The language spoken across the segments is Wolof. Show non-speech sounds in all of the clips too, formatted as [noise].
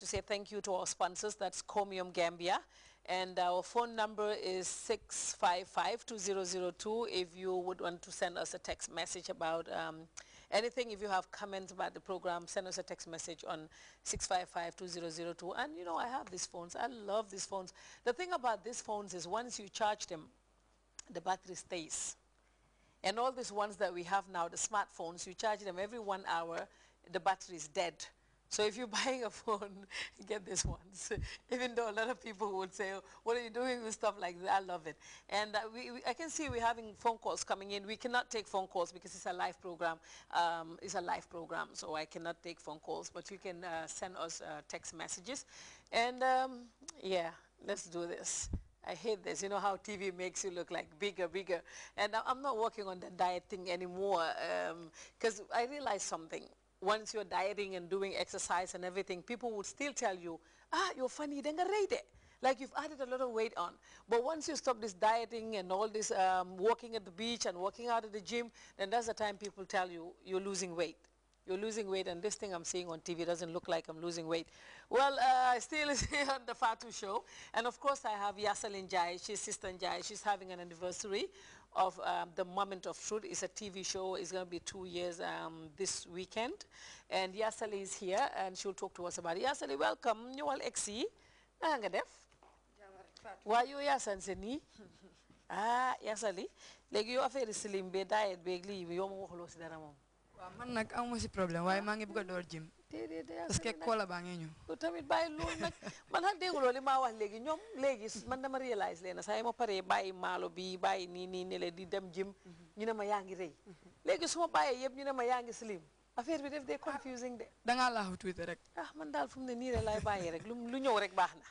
to say thank you to our sponsors. That's Comium Gambia. And our phone number is 655-2002 if you would want to send us a text message about um, anything. If you have comments about the program, send us a text message on 655-2002. And, you know, I have these phones. I love these phones. The thing about these phones is once you charge them, the battery stays. And all these ones that we have now, the smartphones, you charge them every one hour, the battery is dead so if you're [laughs] buying a phone, get this once. [laughs] Even though a lot of people would say, oh, what are you doing with stuff like that? I love it. And uh, we, we, I can see we're having phone calls coming in. We cannot take phone calls because it's a live program. Um, it's a live program, so I cannot take phone calls. But you can uh, send us uh, text messages. And um, yeah, let's do this. I hate this. You know how TV makes you look like bigger, bigger. And I'm not working on the diet thing anymore because um, I realized something once you're dieting and doing exercise and everything, people would still tell you, ah, you're funny, rate Like you've added a lot of weight on. But once you stop this dieting and all this um, walking at the beach and walking out at the gym, then that's the time people tell you you're losing weight you're losing weight and this thing I'm seeing on TV doesn't look like I'm losing weight. Well, uh, still is [laughs] here on the Fatu show. And of course I have Yasalin Jai, she's Sister Njai. She's having an anniversary of um, The Moment of Truth. It's a TV show. It's going to be two years um, this weekend. And Yasali is here and she'll talk to us about it. Yasali, welcome. You all exi. Nangadef. Why you Yasanseni? [laughs] Ah, Yasali. Like you are very slim, diet, big leave. You are more waaw man nag amu si problème waaye maa ngi bëgg a door jëm. parce que koola baa ngi ñëw. tamit bàyyi loolu nag man nag dégguloo li maa wax léegi ñoom léegi man dama réalise leen saa yi ma paree bàyyi maalo bi bàyyi nii nii ne di dem jëm. ñu ne ma yaa ngi rëy. léegi su ma bàyyee yëpp ñu ne ma yaa ngi slim affaire bi def de confusing de. Ah, da ngaa laaxu tuuti rek. ah man daal mu ne nii rek laay bàyyi rek lu ñëw rek baax na.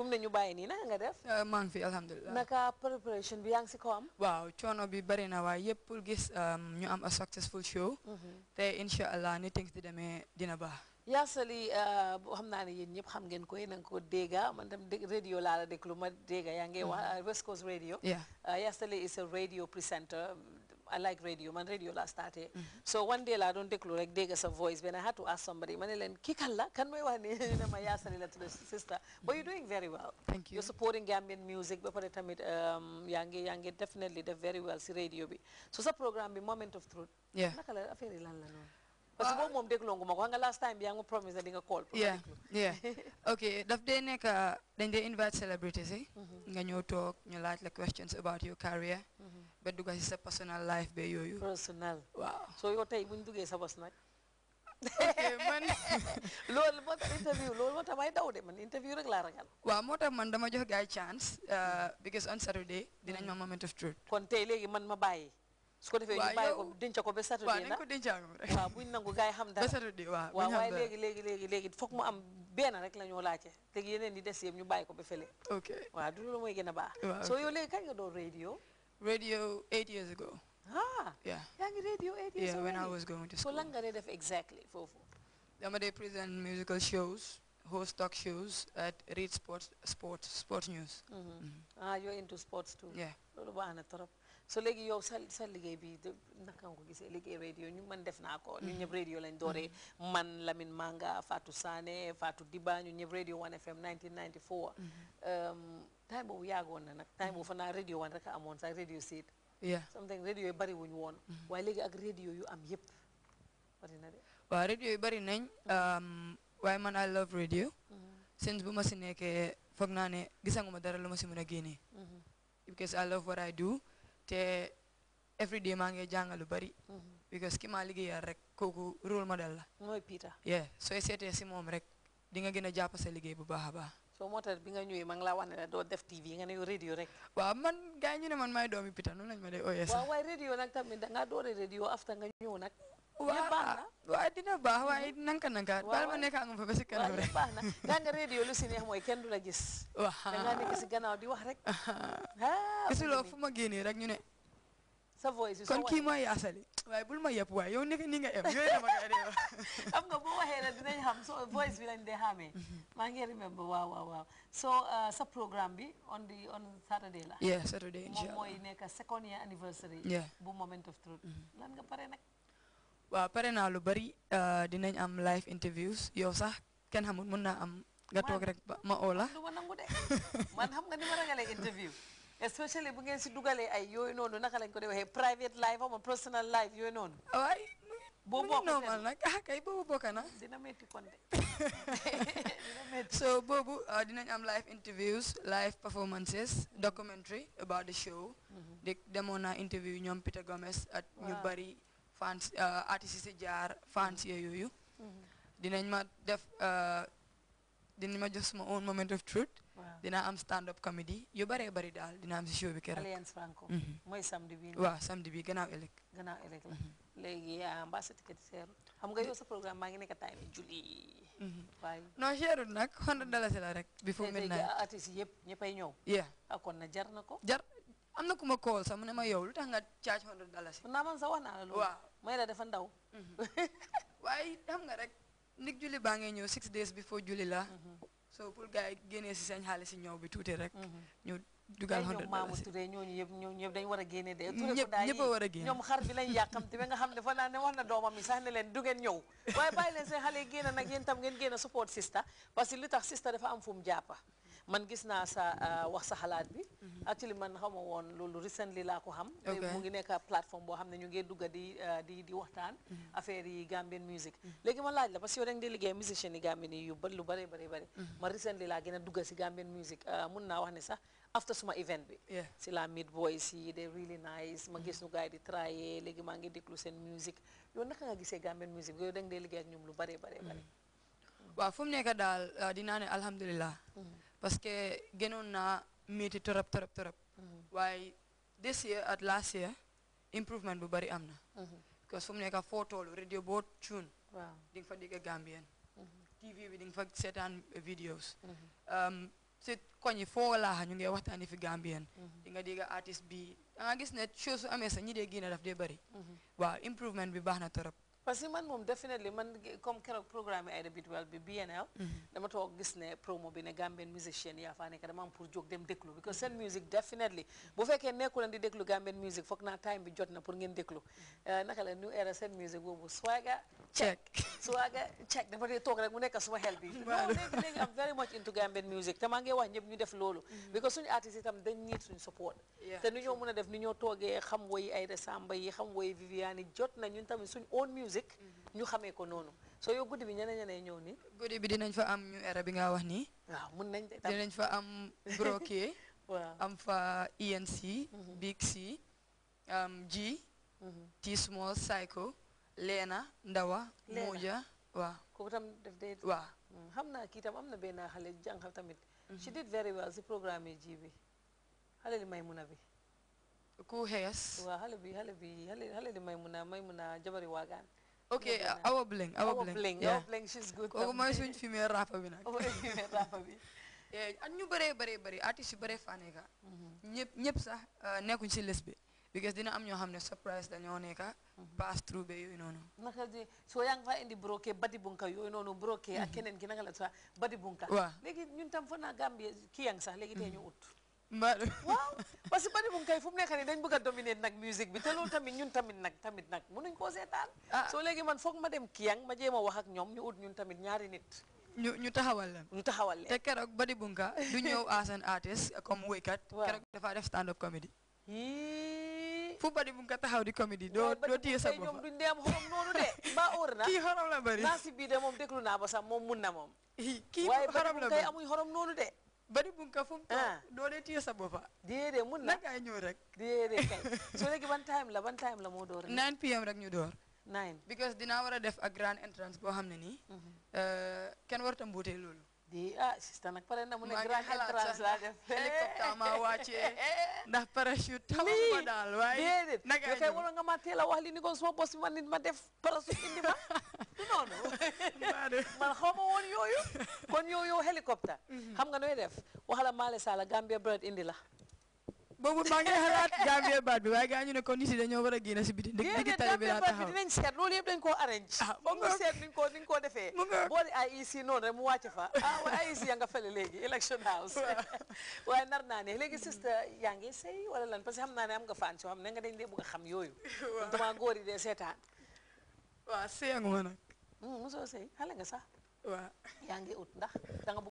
fu mu ne ñu bàyyi nii naka nga def. Euh, maa ngi fi alhamdulilah naka préparation bi yaa ngi si ko am. waaw coono bi bari waaye yëpp pour gis euh, ñu am a successful show. Mm-hmm. te incha allah ni things di demee dina baax. yaasali euh, xam naa ne yéen ñëpp xam ngeen ko yéen a ngi ko dégga ah, man tam radio laa la déglu ma dégga yaa ngi mm-hmm. wax West Coast Radio. yaasali is a radio presenter. I like radio man radio last starté eh? so one day I don't take like rek get a voice When I had to ask somebody Man, ne leen kii kan la kan mooy wax ni ne ma yaa sali la sister but you're doing very well thank you you're supporting Gambian music ba pare tamit yaa um, ngi Yange, yange. definitely they very well See radio be. so the programme be moment of truth Yeah. la affaire yi lan la noonu parce que boobu moom déglu nga last time I promise that di call yeah yeah [laughs] ok daf dee nekk dañ invite celebrities yi you talk. You ñu the questions about your career be dugg si sa personal life be yooyu. personal waaw soo yow tey bu duggee sa bos nag. ok [laughs] loolu moo tax interview loolu moo tax may daw de man interview rek laa ragal. waaw moo tax man dama jox gars yi chance. Uh, because on Saturday. dinañ ma mm. moment of truth. kon tey léegi man ma bàyyi. su ko defee ñu bàyyi ko denc ko ba Saturday waaw nañ ko dencaagum rek. waaw buñ nangu gars yi xam [laughs] dara ba Saturday waaw. waaw waaye léegi léegi foog mu am benn rek la ñoo laajte léegi yeneen di des yëpp ñu bàyyi ko ba fële. ok waaw du loolu mooy gën a baax. waaw soo yow léegi kañ nga doon radio. radio eight years ago. Ah. Yeah. Young radio eight years ago. Yeah, already. when I was going to school. For long exactly, Fofo. They present musical shows, host talk shows at Read Sports, Sports, Sports News. Mm -hmm. Mm -hmm. Ah, you're into sports too. Yeah. so léegi yow sa sa liggéey bi naka nga ko gisee liggéey radio ñu man def naa ko ñu ñëpp radio lañ dooree mm-hmm. man Lamine Manga Fatou Sané Fatou Diba ñu ñëpp radio 1FM 1994 mm-hmm. um, time boobu yaagoon na nag time boobu fa naa radio wan rek a amoon sax radio seed something radio yu bari wuñ woon mm-hmm. waaye léegi ak radio yu am yëpp bari na de waaw bari nañ um, waaye man I love radio since bu ma si nekkee foog naa ne gisanguma dara lu ma si mën a génnee because I love what I do te everyday mange jangalu bari because ki maligi ya rek koku role model la moy peter yeah so e sete si mom rek di nga gëna japp sa bu baaxa ba so motax bi nga ma nga la wane do def tv nga ne radio rek wa man gaay ñu ne man may doomi peter nu lañ ma day oyé wa way radio nak tammi da nga doore radio after nga ñew nak waa wa dina baax way nanka nanka baal ma nekk nga fa ba ci kan rek baax na nga radio lu sinex moy kenn du la gis da nga nekk ci gannaaw di wax rek gisuloo fu fuma gene rek ñu ne sa voice kon kii yaasali waaye bul ma yëpp waaye yow nekk ni nga em yooyu dama koy [laughs] mhm. maa ngi remember waaw uh, sa programme bi on the on Saturday la yeah Saturday moom mooy nekk second year anniversary bu moment of truth mhm. lan nga pare nag waaw pare naa lu bari uh, dinañ am live interviews yow sax kenn xamul mun naa am nga toog rek ma oola man xam nga ni ma ragalee interview [laughs] especially bu ngeen si dugalee ay yooyu noonu naka lañ ko dee private life ama personal life yooyu noonu. waay boo bokk normal nag ah kay boobu bokk na. [laughs] dina métti kon de [laughs] dina métti. so boobu ah, dinañ am live interviews live performances documentary about the show. Mm-hmm. de demoon naa interview ñoom Peter Gomez ak ñu bari fans ah, artistes yi si jaar fans mm-hmm. yooyu. Mm-hmm. dinañ ma def. Ah, dina ma jox suma own moment of truth. dina am stand up comedy yu bëree bëri daal dina am si show bi keroog. Mhm. mooy samedi bi waaw samedi bi gannaaw la mhm. léegi ah, mbaa sa ticket seer xam nga sa programme maa ngi nekk time juli. Mhm. waaye non seerul nag hundred dalasi la rek. before midnight tey artistes yëpp ñëppay ñëw. yeah ah, kon na jar na ko. jar am na ku ma kool sax mu ma yow lu tax nga charge hundred dalasi. naa man sax wax naa la loolu. waaw may la dafa ndaw. [laughs] waaye xam nga rek. nit julli baa ngay ñëw six days before julli la mhm. so pour gars yi génnee si seen xaalis si ñëw bi tuuti rek mhm. ñu dugal hundred dollars ñooñu yëpp ñoom ñëpp dañ war a génne de ñëpp a war a génne xar bi lañ yàkkamte ba nga xam ne fa naa ne wax na doomam yi sax ne leen du ngeen ñëw waaye bàyyi leen seen xale yi génne nag yéen tam ngeen génne support sista parce que li tax sista dafa am fu mu jàppa man gis naa sa euh, wax sa xalaat bi mhm. actually man xaw ma woon loolu recently laa ko xam mu ngi nekk plateforme boo xam ne ñu ngee dugga di euh, di di waxtaan mhm. affaire yi Gambian music mhm. léegi ma laaj la parce que yow da liggéey musicien yi Gambian yi lu bëri bëri bëri ma recently laa gën a si Gambian music euh, mun naa wax ne sax after suma event bi si la meet boys yi they really nice ma gis nu gars yi di maa ngi déglu seen music yow naka nga gisee Gambian music yow da nga dee liggéey ak ñoom lu bëree bare bëri mm. waaw fu mu nekk daal ah, dinaa ne alhamdulilah. Mm-hmm. parce que gënoon naa métti torop torop torop. Mm-hmm. waaye this year at last year improvement bu bari am na. parce mm-hmm. que fu nekk foo toolu radio boo cuun. waaw di Gambien. TV bi di nga fa seetaan videos. Um, si koñ yi foo laaxa ñu ngi waxtaani fi Gambien. di nga dégg bi da gis ne show su amee dee génne daf dee bari. waaw improvement bi baax na torop. parce que man moom definitely man comme keroog programme yi Aïda well bi BNL mhm. dama toog gis ne promo bi ne Gambian musicien yaa faa nekk dama am pour jóg dem déglu because Sen music definitely bu fekkee nekku leen di déglu Gambian music foog na time bi jot na pour ngeen déglu mhm. eh, naka la new era Sen music boobu swaga check [laughs] swaga check dama dee toog rek mu nekk suma help. bi [laughs] léegi léegi am very much into Gambian music te maa ngi wax ñëpp ñu def loolu mhm. because suñu artiste itam dañ need suñu support te nu ñoo mën a def ni ñoo toogee xam woy Aïda Samba yi xam woy Viviane jot na ñun tamit suñu own music ñu xamee ko noonu soo yow guddi bi ñeneen ñeneen ñëw nii guddi bi dinañ fa am ñu era bi nga wax nii waaw mun nañ dinañ fa am broquet [laughs] am fa ENC mhm. Big C G mhm. T small psycho leena ndawa mooja waaw kooku tam def day mm, xam naa kii tam am na benn xale jàng tamit she mhm. did very well si programme ji bi xale li may mun a bi ku xees waaw bi xale bi xale di Maymuna Maymuna jabari waagaan ok Awa Bleng Awa Bleng Awa Bleng she's good kooku mooy suñ female rapper bi nag [laughs] female rapper bi ak ñu bëree bëree bëri artistes yu bëree faaneka mm-hmm. ñëpp ñëpp sax uh, nekkuñ si list bi because dina am ñoo xam ne surprise dañoo nekka pass mm-hmm. through be yooyu noonu naka di soo yaa ngi fa indi broké badi bunka yooyu noonu mm-hmm. ki naka la sax badi bunka waaw ñun tam fa Gambie ki yang sax léegi tey ñu ut [laughs] waaw parce que bari mu kay fu mu nekk nii dañ bëgg a dominer nag musique bi te loolu tamit ñun tamit nag tamit nag mënuñ koo seetaan ah. soo léegi man foog ma dem Kiang ma jéem a wax ñoom ñu ut ñun tamit ñaari nit ñu ñu taxawal leen ñu taxawal leen te keroog Bunka du ñëw as an artist comme wéykat keroog dafaa def stand up comedy fu Badi Bunka taxaw di comedy doo doo téye sa bopp ñoom duñ dem xorom na [laughs] kii xorom la bari naa si bii de moom déglu naa ba sax moom mun na moom kii xorom la bari waaye amuñ de bari bu nga fum ta ah. doole tiyo sa bofa déedéet mun na naka ñëw rek déedéet kay [laughs] so léegi ban time la ban time la moo door 9 pm rek ñu door 9 because dinaa war a def ak grand entrance boo xam ne nii mhm. euh, kenn warta mbuutee loolu di ah sista nag pare na mu ne grand entrance laa def hélicoptère ma wàccee ndax parachute tawuma daal waaye déedéet nag yow kay waroon nga ma teel a wax li ni ko suma bos bi man nit ma def parachute indi ma du noonu man xaw ma woon yooyu kon yooyu hélicoptère xam nga nooy def waxala maale saala Gambia bird indi la boobu maa ngi xalaat Gambia baat bi waaye gaa ñu ne kon nit dañoo war a génn si biti bi laa taxaw dinañ seet loolu yëpp ah, e ah, e yaa [laughs] naa ne léegi sister yaa ngi sëy wala lan parce que xam naa ne am nga faan soo xam ne nga dañ dee bëgg a xam yooyu [laughs] dama góor yi dee seetaan waaw sëyangu ma nag hmm,